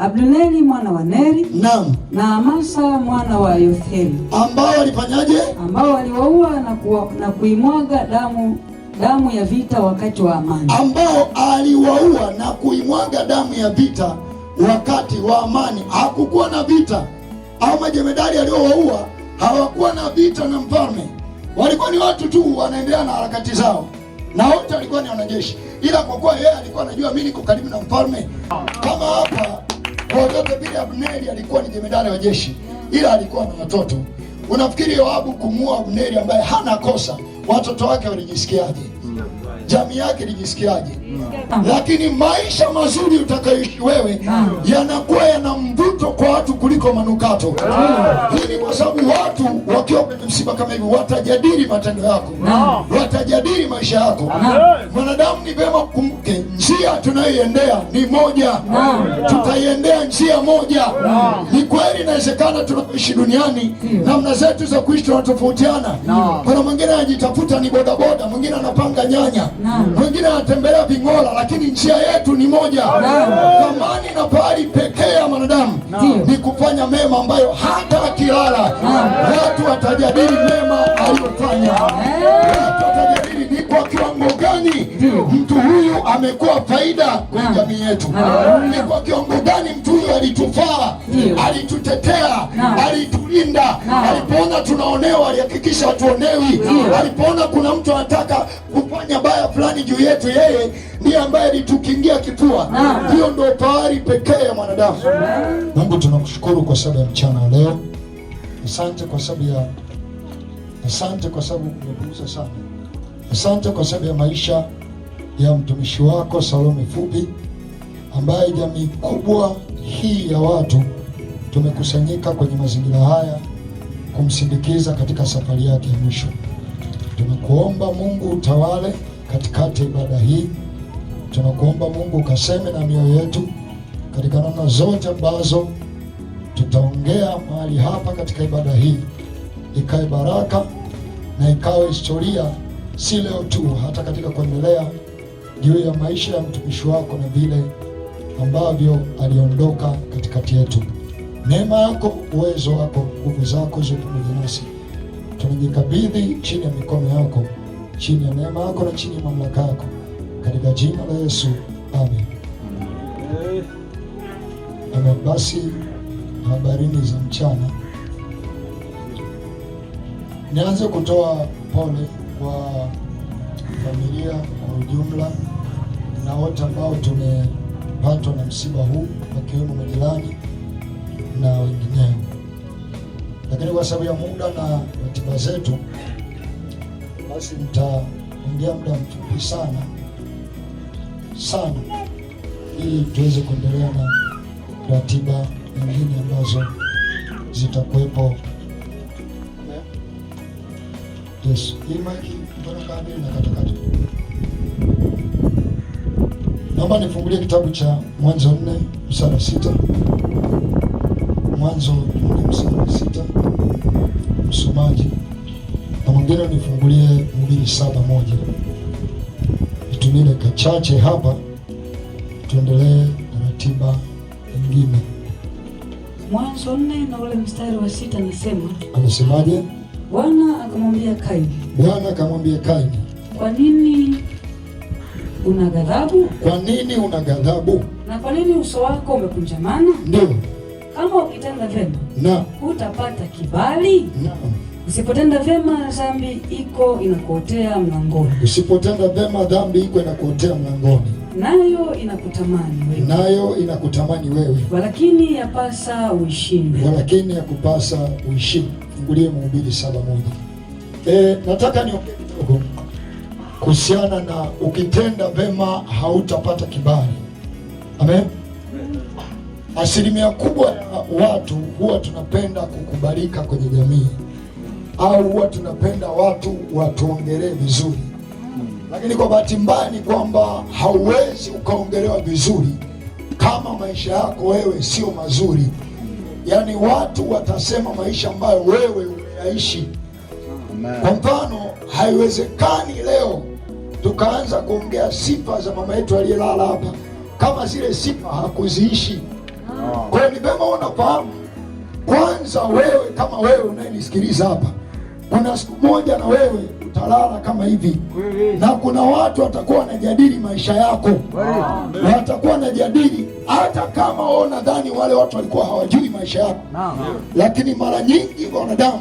Abduneli mwana wa Neri, naam, na Amasa mwana wa Yotheli, ambao walifanyaje? Ambao waliwaua na, na kuimwaga damu damu ya vita wakati wa amani, ambao aliwaua na kuimwaga damu ya vita wakati wa amani. Hakukuwa na vita, au majemedari aliowaua hawakuwa na vita na mfalme, walikuwa ni watu tu wanaendelea na harakati zao, na wote walikuwa ni wanajeshi, ila kwa kuwa yeye alikuwa anajua mimi niko karibu na mfalme, kama hapa watoto vile Abneri alikuwa ni jemedari wa jeshi, ila alikuwa na watoto. Unafikiri Yoabu kumuua Abneri ambaye hana kosa, watoto wake walijisikiaje? jamii yake lijisikiaje? Lakini maisha mazuri utakayoishi wewe yanakuwa yana mvuto kwa watu kuliko manukato Hii ni kwa sababu watu wakiwa kwenye msiba kama hivi watajadili matendo yako watajadili maisha yako Mwanadamu ni vema kumke njia tunayoiendea ni moja tutaiendea njia moja Ni kweli inawezekana tunapoishi duniani namna zetu za kuishi tunatofautiana Kuna mwingine anajitafuta ni bodaboda, mwingine anapanga nyanya moja, wengine wanatembelea ving'ola, lakini njia yetu ni moja. Thamani na pahali pekee ya mwanadamu ni kufanya mema, ambayo hata akilala watu watajadili mema aliyofanya mtu huyu amekuwa faida kwa ah. jamii yetu. Ni kwa kiwango gani mtu huyu alitufaa, alitutetea, ah. alitulinda. Ah. Alipoona tunaonewa, alihakikisha hatuonewi. Alipoona kuna mtu anataka kufanya baya fulani juu yetu, yeye ndiye ambaye alitukingia kifua. Hiyo ndio fahari pekee ya mwanadamu. Mungu, tunakushukuru kwa sababu ya mchana wa leo. Asante kwa sababu ya asante kwa sababu umepunguza sana. Asante kwa sababu ya maisha ya mtumishi wako Salome Fupi, ambaye jamii kubwa hii ya watu tumekusanyika kwenye mazingira haya kumsindikiza katika safari yake ya mwisho. Tunakuomba Mungu utawale katikati ya ibada hii, tunakuomba Mungu ukaseme na mioyo yetu katika namna zote ambazo tutaongea mahali hapa katika ibada hii, ikawe baraka na ikawe historia, si leo tu, hata katika kuendelea juu ya maisha ya mtumishi wako na vile ambavyo aliondoka katikati yetu. Neema yako, uwezo wako, nguvu zako ziwe pamoja nasi. Tunajikabidhi chini ya mikono yako, chini ya neema yako na chini ya mamlaka yako, katika jina la Yesu, amen. Amen. Basi habarini za mchana, nianze kutoa pole kwa familia kwa ujumla na wote ambao tumepatwa na msiba huu wakiwemo majirani na wengineo, lakini kwa sababu ya muda na ratiba zetu, basi nitaongea muda mfupi sana sana, ili tuweze kuendelea na ratiba nyingine ambazo zitakuwepo. Yes, mbona kabili na katakata Naomba nifungulie kitabu cha Mwanzo nne mstari sita. Mwanzo nne mstari sita, msomaji na mwingine nifungulie Mhubiri saba moja. Nitumie dakika chache hapa, tuendelee na ratiba nyingine. Mwanzo nne na ule mstari wa sita nasema, anasemaje? Bwana akamwambia Kaini, Bwana akamwambia Kaini, kwa nini una ghadhabu? Kwa nini una ghadhabu? Na kwa nini uso wako umekunjamana? Ndio. Kama ukitenda vyema, na utapata kibali. Na usipotenda vyema, dhambi iko inakuotea mlangoni. Usipotenda vyema, dhambi iko inakuotea mlangoni, nayo inakutamani wewe, nayo inakutamani wewe, walakini yapasa uishinde, walakini yakupasa uishinde. Fungulie Mhubiri saba moja. Eh, nataka niongee kuhusiana na ukitenda vema hautapata kibali. Amen. Asilimia kubwa ya watu huwa tunapenda kukubalika kwenye jamii, au huwa tunapenda watu watuongelee vizuri, lakini kwa bahati mbaya ni kwamba hauwezi ukaongelewa vizuri kama maisha yako wewe sio mazuri. Yaani watu watasema maisha ambayo wewe umeyaishi. Kwa mfano, haiwezekani leo tukaanza kuongea sifa za mama yetu aliyelala hapa, kama zile sifa hakuziishi. Kwa hiyo ni vema unafahamu kwanza, wewe kama wewe unayenisikiliza hapa, kuna siku moja na wewe utalala kama hivi, na kuna watu watakuwa wanajadili maisha yako, watakuwa wanajadili hata kama wao, nadhani wale watu walikuwa hawajui maisha yako, lakini mara nyingi wanadamu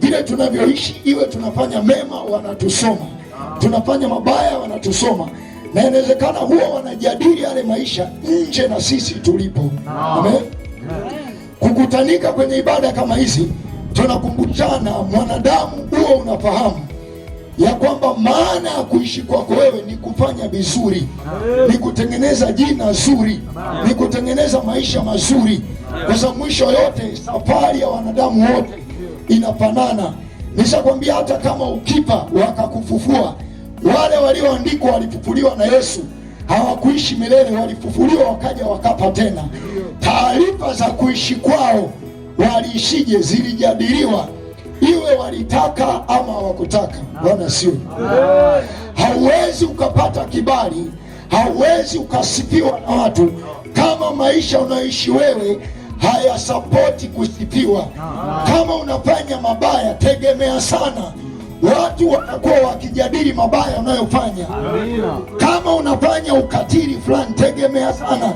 vile tunavyoishi, iwe tunafanya mema, wanatusoma tunafanya mabaya, wanatusoma na inawezekana huwa wanajadili yale maisha nje na sisi tulipo. Amen. Kukutanika kwenye ibada kama hizi, tunakumbushana mwanadamu, huo unafahamu ya kwamba maana ya kuishi kwako wewe ni kufanya vizuri, ni kutengeneza jina zuri, ni kutengeneza maisha mazuri, kwa sababu mwisho yote safari ya wanadamu wote inafanana. Nishakwambia hata kama ukipa wakakufufua, wale walioandikwa walifufuliwa na Yesu hawakuishi milele, walifufuliwa wakaja wakapa tena. Taarifa za kuishi kwao waliishije zilijadiliwa, iwe walitaka ama hawakutaka. Bwana sio, hauwezi ukapata kibali, hauwezi ukasifiwa na watu kama maisha unaoishi wewe haya sapoti kusifiwa. Kama unafanya mabaya, tegemea sana watu watakuwa wakijadili mabaya unayofanya. Kama unafanya ukatili fulani, tegemea sana,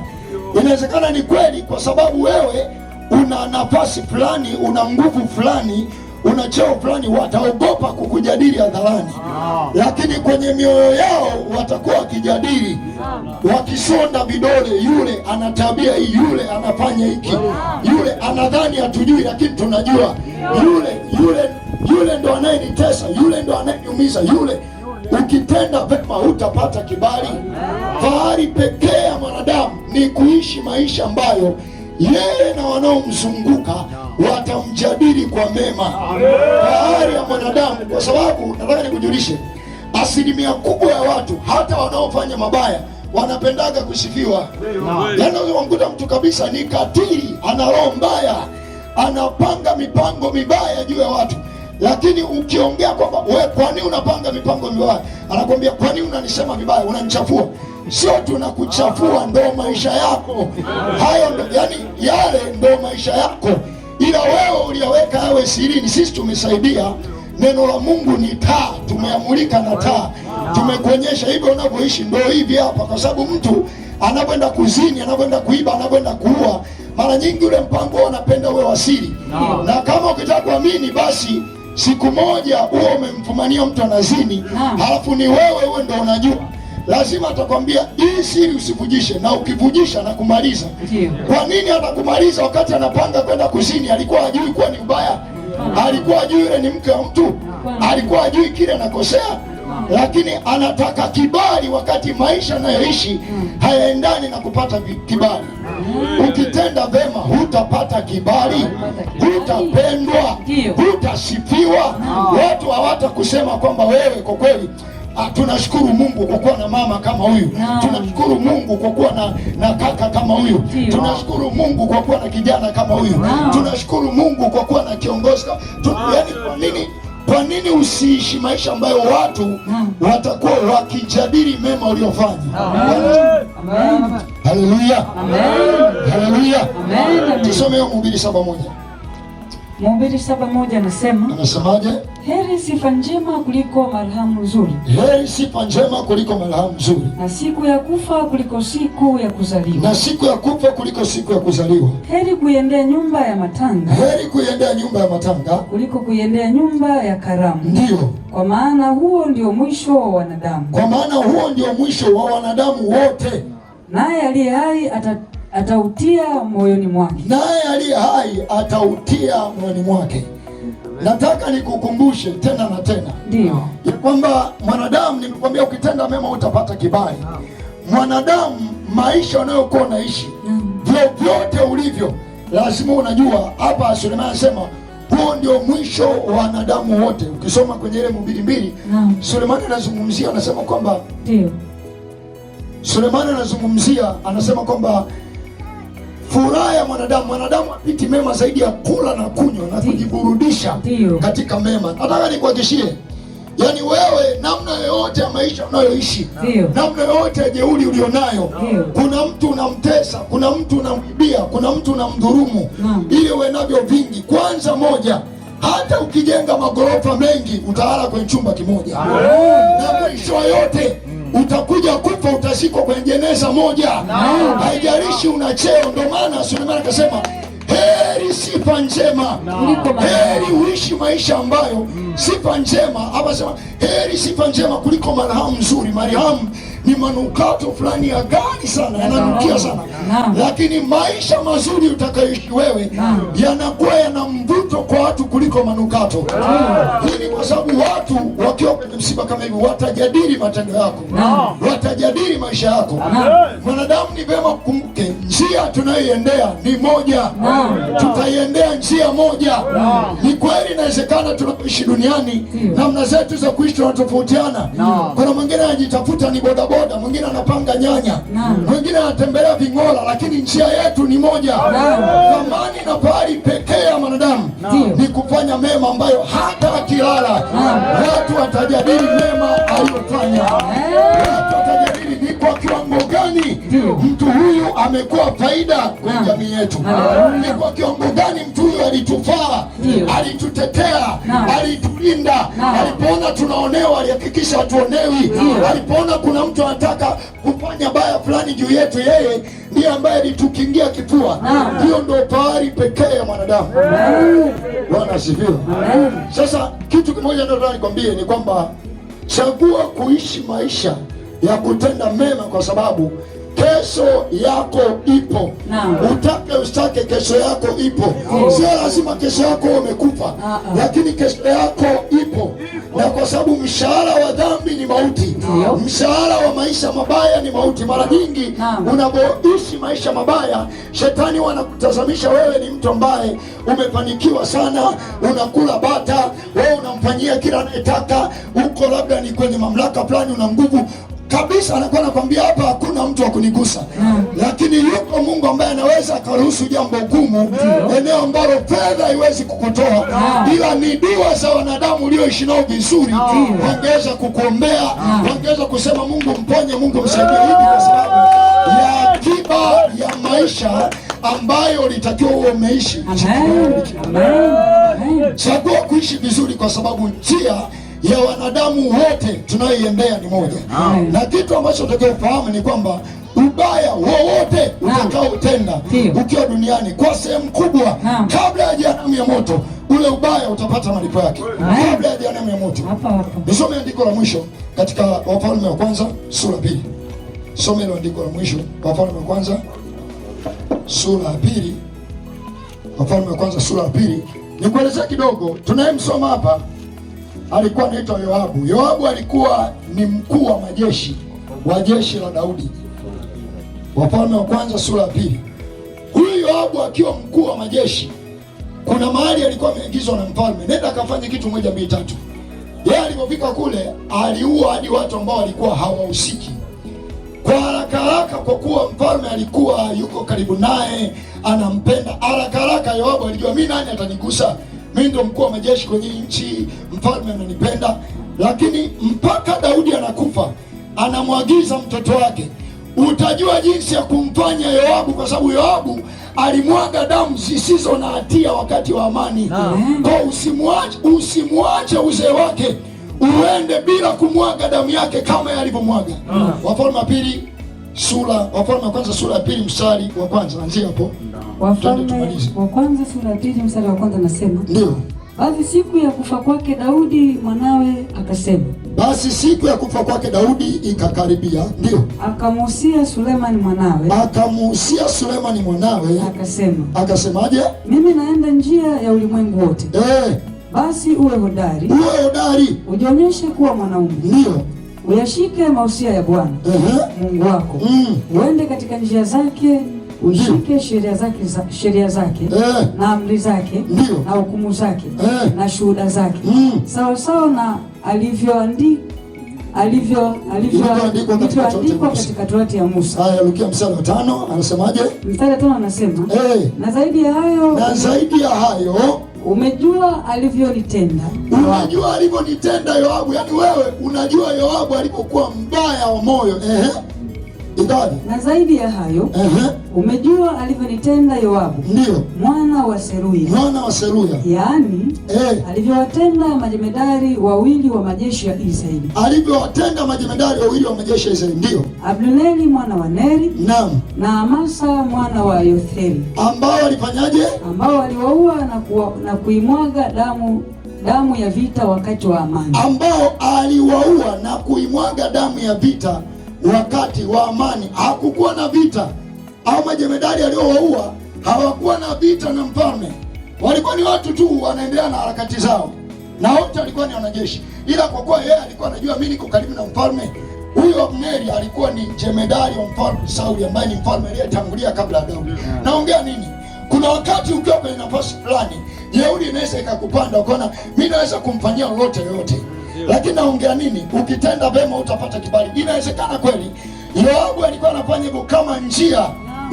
inawezekana ni kweli, kwa sababu wewe una nafasi fulani, una nguvu fulani una cheo fulani, wataogopa kukujadili hadharani, lakini kwenye mioyo yao watakuwa wakijadili, wakisonda vidole, yule ana tabia hii, yule anafanya hiki, yule anadhani hatujui, lakini tunajua. Yule yule yule ndo anayenitesa, yule ndo anayeniumiza, yule Ukitenda vema hutapata kibali. Fahari pekee ya mwanadamu ni kuishi maisha ambayo yeye na wanaomzunguka watamjadili kwa mema tayari ya mwanadamu, kwa sababu nataka nikujulishe, asilimia kubwa ya watu hata wanaofanya mabaya wanapendaga kusifiwa. Yaani unamkuta mtu kabisa ni katili, ana roho mbaya, anapanga mipango mibaya juu ya watu, lakini ukiongea kwamba we, kwani unapanga mipango mibaya, anakuambia kwani unanisema vibaya, unanichafua sio tunakuchafua, ndo maisha yako hayo ndo, yani yale ndo maisha yako, ila wewe uliyaweka awe sirini. Sisi tumesaidia, neno la Mungu ni taa, tumeamulika na taa, tumekuonyesha hivyo unavyoishi ndo hivi hapa, kwa sababu mtu anapoenda kuzini, anapoenda kuiba, anapoenda kuua, mara nyingi ule mpango wao anapenda uwe wasiri na kama ukitaka kuamini basi siku moja huo umemfumania mtu anazini, halafu ni wewe uwe ndo unajua lazima atakwambia hii siri usivujishe, na ukivujisha na kumaliza. Kwa nini atakumaliza Wakati anapanga kwenda kusini, alikuwa ajui kuwa ni ubaya? Alikuwa hajui yule ni mke wa mtu? Alikuwa ajui kile anakosea? Lakini anataka kibali, wakati maisha anayoishi hayaendani na kupata kibali. Ukitenda vema hutapata kibali, hutapendwa, hutasifiwa, watu hawatakusema kwamba wewe kwa kweli Ah, tunashukuru Mungu kwa kuwa na mama kama huyu no. Tunashukuru Mungu kwa kuwa na, na kaka kama huyu Tunashukuru Mungu kwa kuwa na kijana kama huyu no. Tunashukuru Mungu kwa kuwa na kiongozi Tun no. Yani, kwa nini kwa nini usiishi maisha ambayo watu no. watakuwa wakijadili mema uliofanya? Haleluya, haleluya, tusome Mhubiri saba moja. Mhubiri saba moja anasema, anasemaje? Heri sifa njema kuliko marhamu nzuri, heri sifa njema kuliko marhamu nzuri, na siku ya kufa kuliko siku ya kuzaliwa, na siku ya kufa kuliko siku ya kuzaliwa. Heri kuiendea nyumba ya matanga, heri kuiendea nyumba ya matanga kuliko kuiendea nyumba ya karamu. Ndiyo, kwa maana huo ndio mwisho wa wanadamu, kwa maana huo ndio mwisho wa wanadamu wote, naye aliye hai ata atautia moyoni mwake, naye aliye hai atautia moyoni mwake. Nataka nikukumbushe tena na tena, ndio ya kwamba mwanadamu, nimekwambia ukitenda mema utapata kibali. Mwanadamu, maisha unayokuwa unaishi, mm. vyovyote ulivyo, lazima unajua, hapa Sulemani anasema huo ndio mwisho wa wanadamu wote. Ukisoma kwenye ile mbili mbili, Sulemani anazungumzia anasema kwamba, ndio Sulemani anazungumzia anasema kwamba furaha ya mwanadamu. Mwanadamu apiti mema zaidi ya kula na kunywa na kujiburudisha katika mema. Nataka nikuhakishie, yaani wewe, namna yoyote ya maisha unayoishi, namna yoyote ya jeuri ulionayo, kuna mtu unamtesa, kuna mtu unamwibia, kuna mtu unamdhurumu, ili uwe navyo vingi. Kwanza moja hata ukijenga magorofa mengi utalala kwenye chumba kimoja, na mwisho yote utakuja kufa, utashikwa kwenye jeneza moja, haijalishi una cheo. Ndo maana Sulemani akasema heri sifa njema, heri uishi maisha ambayo sifa njema. Hapa heri sifa njema kuliko marhamu nzuri. Marhamu ni manukato fulani ya gani sana, yananukia sana lakini maisha mazuri utakayoishi wewe yanakuwa yana mvuto kwa watu kuliko manukato. Hii ni kwa sababu watu wakiwa kwenye msiba kama hivi watajadili matendo yako, watajadili maisha yako. Mwanadamu ni vema kumbuke, njia tunayoiendea ni moja, tutaiendea njia moja. Ni kweli inawezekana tunapoishi duniani namna zetu za kuishi tunatofautiana. Kuna mwingine anajitafuta ni boda bodaboda, mwingine anapanga nyanya, mwingine anatembelea ving'ola, lakini njia yetu ni moja. Thamani na pahali pekee ya mwanadamu ni kufanya mema, ambayo hata akilala watu watajadili mema aliyofanya, watu watajadili kwa kiwango gani mtu huyu amekuwa faida kwa jamii yetu, ni kwa kiwango gani mtu huyu alitufaa, alitutetea, alitulinda. Alipoona tunaonewa, alihakikisha hatuonewi. Alipoona kuna mtu anataka kufanya baya fulani juu yetu, yeye ndiye ambaye alitukingia kifua. Hiyo ndo fahari pekee ya mwanadamu. Bwana asifiwe. Sasa kitu kimoja ndio nataka nikwambie ni kwamba chagua kuishi maisha ya kutenda mema, kwa sababu kesho yako ipo no. Utake usitake, kesho yako ipo no. Sio lazima kesho yako umekufa uh -uh. Lakini kesho yako ipo na kwa sababu mshahara wa dhambi ni mauti no. Mshahara wa maisha mabaya ni mauti. Mara nyingi no. Unapoishi maisha mabaya, shetani wanakutazamisha wewe ni mtu ambaye umefanikiwa sana, unakula bata, wewe unamfanyia kila anayetaka, uko labda ni kwenye mamlaka fulani, una nguvu kabisa, anakuwa anakwambia hapa hakuna mtu wa kunigusa mm. Lakini yuko Mungu ambaye anaweza akaruhusu jambo gumu mm. Eneo ambalo fedha haiwezi kukutoa mm. Ila ni dua za wanadamu ulioishi nao vizuri mm. Wangeweza kukuombea mm. Wangeweza kusema Mungu mponye, Mungu msaidie yeah. Hivi kwa sababu ya akiba ya maisha ambayo litakiwa huo umeishi, chaguo kuishi vizuri kwa sababu njia ya wanadamu wote tunayoiendea ni moja, na kitu ambacho unatakiwa ufahamu ni kwamba ubaya wowote utakaotenda ukiwa duniani kwa sehemu kubwa, kabla ya jehanamu ya moto, ule ubaya utapata malipo yake kabla ya jehanamu ya moto. Nisome andiko la mwisho katika Wafalme wa kwanza sura pili. Some ile andiko la mwisho Wafalme wa kwanza sura ya pili, Wafalme wa kwanza sura ya pili. Nikuelezea kidogo tunayemsoma hapa alikuwa anaitwa Yoabu. Yoabu alikuwa ni mkuu wa majeshi wa jeshi la Daudi, Wafalme wa Kwanza sura ya pili. Huyu Yoabu akiwa mkuu wa majeshi, kuna mahali alikuwa ameingizwa na mfalme, nenda akafanya kitu moja mbili tatu. Yeye alipofika kule, aliua hadi watu ambao walikuwa hawahusiki kwa haraka haraka, kwa kuwa mfalme alikuwa yuko karibu naye, anampenda. Haraka haraka Yoabu alijua mimi nani atanigusa mimi ndo mkuu wa majeshi kwenye nchi, mfalme ananipenda. Lakini mpaka Daudi anakufa, anamwagiza mtoto wake, utajua jinsi ya kumfanya Yoabu, kwa sababu Yoabu alimwaga damu zisizo na hatia wakati wa amani. Kwa usimwache, usimwache uzee wake uende bila kumwaga damu yake kama yalivyomwaga. Wafalme wa Pili sura Wafalme wa kwanza sura ya pili mstari wa kwanza, anzia hapo. Wafalme wa kwanza sura ya pili mstari wa kwanza nasema ndio. Basi siku ya kufa kwake Daudi mwanawe akasema, basi siku ya kufa kwake Daudi ikakaribia, ndio akamuhusia Sulemani mwanawe, akamuhusia Sulemani mwanawe akasema, akasemaje? Mimi naenda njia ya ulimwengu wote eh, basi uwe hodari, uwe hodari, ujionyeshe kuwa mwanaume, ndio Mm-hmm. Uyashike mausia ya Bwana mm-hmm. Mungu wako mm. Uende katika njia zake mm-hmm. ushike sheria zake za, sheria zake eh, na amri zake na hukumu zake eh, na shuhuda zake mm. sawa sawa na alivyoandikwa alivyo, alivyo, alivyo katika Torati ya Musa. Haya, Luka mstari wa tano anasemaje? Mstari wa tano anasema eh, na zaidi ya hayo na zaidi ya hayo Umejua alivyonitenda, unajua alivyonitenda Yoabu. Yani wewe unajua Yoabu alipokuwa mbaya wa moyo, ehe na zaidi ya hayo uh -huh. Umejua alivyonitenda Yoabu ndio mwana wa Seruya, mwana wa Seruya, yaani eh, alivyowatenda majemedari wawili wa majeshi ya Israeli, alivyowatenda majemedari wawili wa majeshi ya Israeli ndio Abneri mwana wa Neri, naam, na Amasa mwana wa Yotheli, ambao alifanyaje? Ambao waliwaua na, na kuimwaga damu damu ya vita wakati wa amani, ambao aliwaua na kuimwaga damu ya vita wakati wa amani, hakukuwa na vita. Au majemedari aliowaua hawakuwa na vita na mfalme, walikuwa ni watu tu wanaendelea na harakati zao, na wote walikuwa ni wanajeshi, ila kwa kuwa yeye alikuwa anajua mimi niko karibu na mfalme huyo Abneri alikuwa ni jemedari wa mfalme Sauli ambaye ni mfalme aliyetangulia kabla ya Daudi. Naongea nini? Kuna wakati ukiwa kwenye nafasi fulani, jeuri inaweza ikakupanda ukaona mimi naweza kumfanyia lolote yoyote lakini naongea nini? Ukitenda vema utapata kibali. Inawezekana kweli Yoabu alikuwa anafanya hivyo kama njia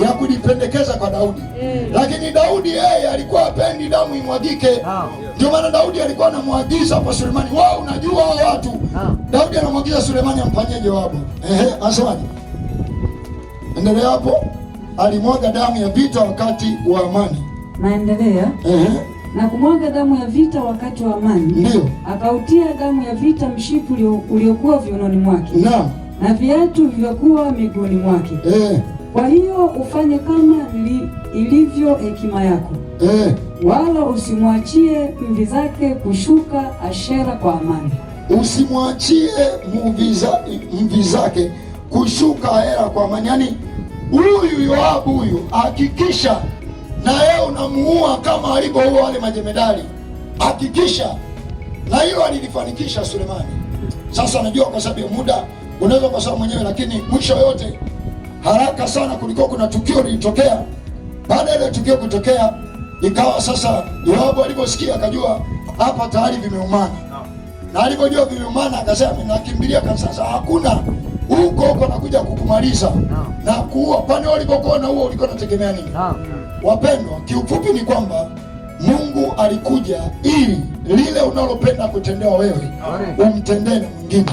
ya kujipendekeza kwa Daudi mm. Lakini Daudi yeye alikuwa apendi damu imwagike ndio no. Maana Daudi alikuwa anamwagiza kwa Sulemani, wao unajua hao watu no. Daudi anamwagiza Sulemani amfanyie Yoabu. Ehe, anasemaje? Endelea hapo. Alimwaga damu ya vita wakati wa amani, naendelea. Ehe na kumwaga damu ya vita wakati wa amani. Ndio. Akautia damu ya vita mshipu uliokuwa viunoni mwake. na, Na viatu vilivyokuwa miguuni mwake. Eh. Kwa hiyo ufanye kama li, ilivyo hekima yako. Eh. Wala usimwachie mvi zake kushuka Ashera kwa amani. Usimwachie mvi zake kushuka Ashera kwa amani. yani huyu Yoabu huyu hakikisha na yeye unamuua kama alivyoua wale majemedali. Hakikisha na hilo alilifanikisha Sulemani. Sasa najua kwa sababu ya muda unaweza kwa sababu mwenyewe, lakini mwisho yote haraka sana, kuliko kuna tukio lilitokea. Baada ya tukio kutokea, ikawa sasa Yoabu aliposikia akajua hapa tayari vimeumana, na alipojua vimeumana akasema nakimbilia kanisasa, hakuna huko huko nakuja kukumaliza na kuua. Pale walipokuwa na huo ulikuwa unategemea nini? Wapendwa, kiufupi ni kwamba Mungu alikuja ili lile unalopenda kutendewa wewe umtendee na mwingine.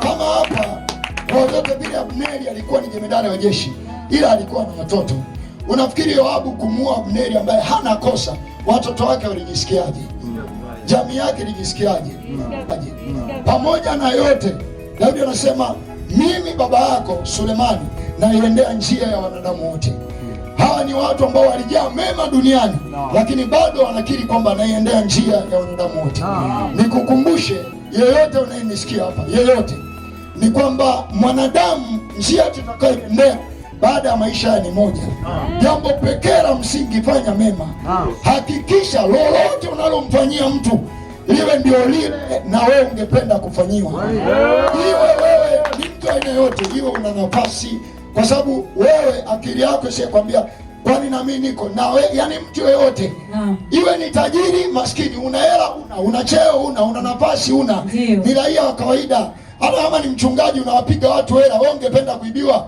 Kama hapa vyovyote bila Abneri alikuwa ni jemedari wa jeshi, ila alikuwa na watoto. Unafikiri Yoabu kumuua Abneri ambaye hana kosa, watoto wake walijisikiaje? Jamii yake ilijisikiaje? Pamoja na yote, Daudi anasema mimi baba yako Sulemani naiendea njia ya wanadamu wote. Hawa ni watu ambao walijaa mema duniani no. Lakini bado wanakiri kwamba anaiendea njia ya wanadamu wote no. Nikukumbushe yeyote unayenisikia hapa, yeyote ni kwamba mwanadamu, njia tutakayoendea baada ya maisha ni moja. Jambo pekee la msingi, fanya mema. Hakikisha lolote unalomfanyia mtu liwe ndio lile na wewe ungependa kufanyiwa. Iwe wewe ni mtu aina yote, iwe una nafasi kwa sababu wewe akili yako ishakwambia kwani na mimi niko nawe. Yani mtu yeyote iwe ni tajiri maskini, una hela una, una cheo una, una nafasi una, ni raia wa kawaida hata kama ni mchungaji unawapiga watu hela, wewe ungependa kuibiwa?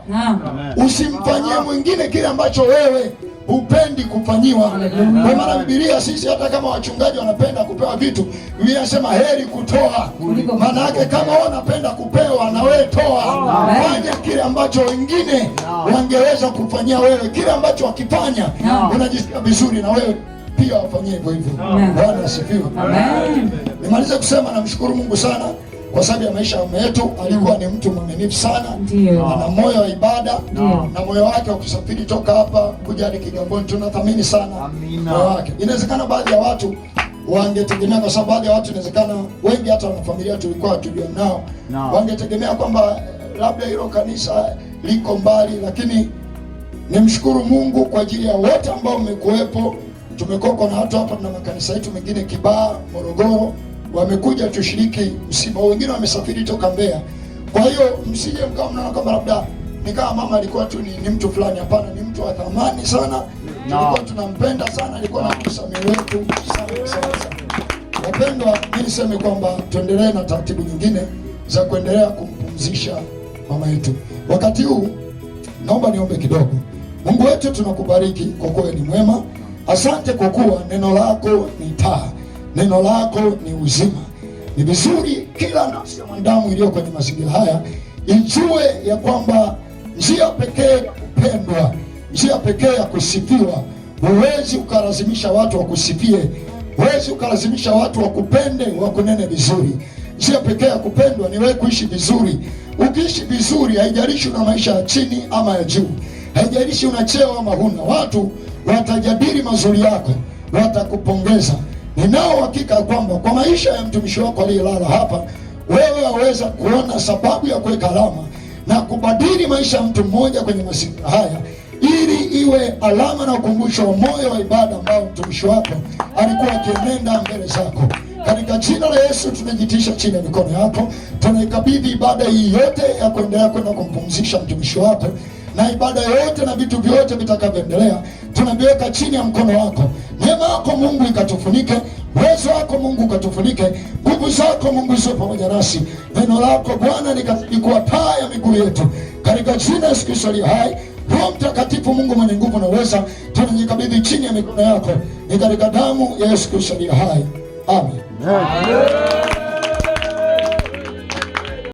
Usimfanyie mwingine kile ambacho wewe hupendi kufanyiwa. Kwa maana Biblia, sisi hata kama wachungaji wanapenda kupewa vitu, Biblia inasema heri kutoa. Maana yake kama wewe unapenda kupewa, na wewe toa, fanya kile ambacho wengine wangeweza kufanyia wewe. Kile ambacho wakifanya unajisikia vizuri, na wewe pia wafanyie hivyo hivyo. Bwana asifiwe. Nimalize kusema, namshukuru Mungu sana kwa sababu ya maisha ya mume yetu. Alikuwa ni mtu mwaminifu sana, ana moyo wa ibada na moyo wake wa kusafiri toka hapa kuja hadi Kigamboni. Tunathamini sana moyo wake. Inawezekana baadhi ya watu wangetegemea kwa sababu baadhi ya watu inawezekana wengi hata wanafamilia tulikuwa tulio nao no. wangetegemea kwamba eh, labda hilo kanisa liko mbali, lakini nimshukuru Mungu kwa ajili ya wote ambao mmekuwepo. Tumekokwa na watu hapa na makanisa yetu mengine kibaa Morogoro wamekuja tushiriki msiba, wengine wamesafiri toka Mbeya. Kwa hiyo msije mkawa mnaona kwamba labda ni kama mama alikuwa tu ni, ni mtu fulani. Hapana, ni mtu wa thamani sana, tulikuwa tunampenda sana, alikuwa na msamihi wetu sana sana. Wapendwa, mi niseme kwamba tuendelee na taratibu nyingine za kuendelea kumpumzisha mama yetu. Wakati huu naomba niombe kidogo. Mungu wetu tunakubariki kwa kuwa ni mwema, asante kwa kuwa neno lako ni taa neno lako ni uzima. Ni vizuri kila nafsi ya mwanadamu iliyo kwenye mazingira haya ijue ya kwamba njia pekee ya kupendwa, njia pekee ya kusifiwa. Huwezi ukalazimisha watu wakusifie, huwezi ukalazimisha watu wakupende, wakunene vizuri. Njia pekee ya kupendwa ni wewe kuishi vizuri. Ukiishi vizuri, haijalishi una maisha ya chini ama ya juu, haijalishi una cheo ama huna, watu watajadili mazuri yako, watakupongeza. Ninao hakika ya kwamba kwa maisha ya mtumishi wako aliyelala hapa, wewe waweza kuona sababu ya kuweka alama na kubadili maisha ya mtu mmoja kwenye mazingira haya, ili iwe alama na ukumbusho wa moyo wa ibada ambao mtumishi wako alikuwa akienenda mbele zako. Katika jina la Yesu tunajitisha chini ya mikono yako, tunaikabidhi ibada hii yote ya kuendelea kwenda kumpumzisha mtumishi wako, na ibada yote na vitu vyote vitakavyoendelea tunaviweka chini ya mkono wako. Neema yako Mungu ikatufunike uwezo wako Mungu ukatufunike, nguvu zako Mungu sio pamoja nasi, neno lako Bwana likuwa taa ya miguu yetu, katika jina Yesu Kristo aliye hai. Roho Mtakatifu, Mungu mwenye nguvu na uweza, tunajikabidhi chini ya mikono yako, ni katika damu ya Yesu Kristo aliye hai, amen, amen.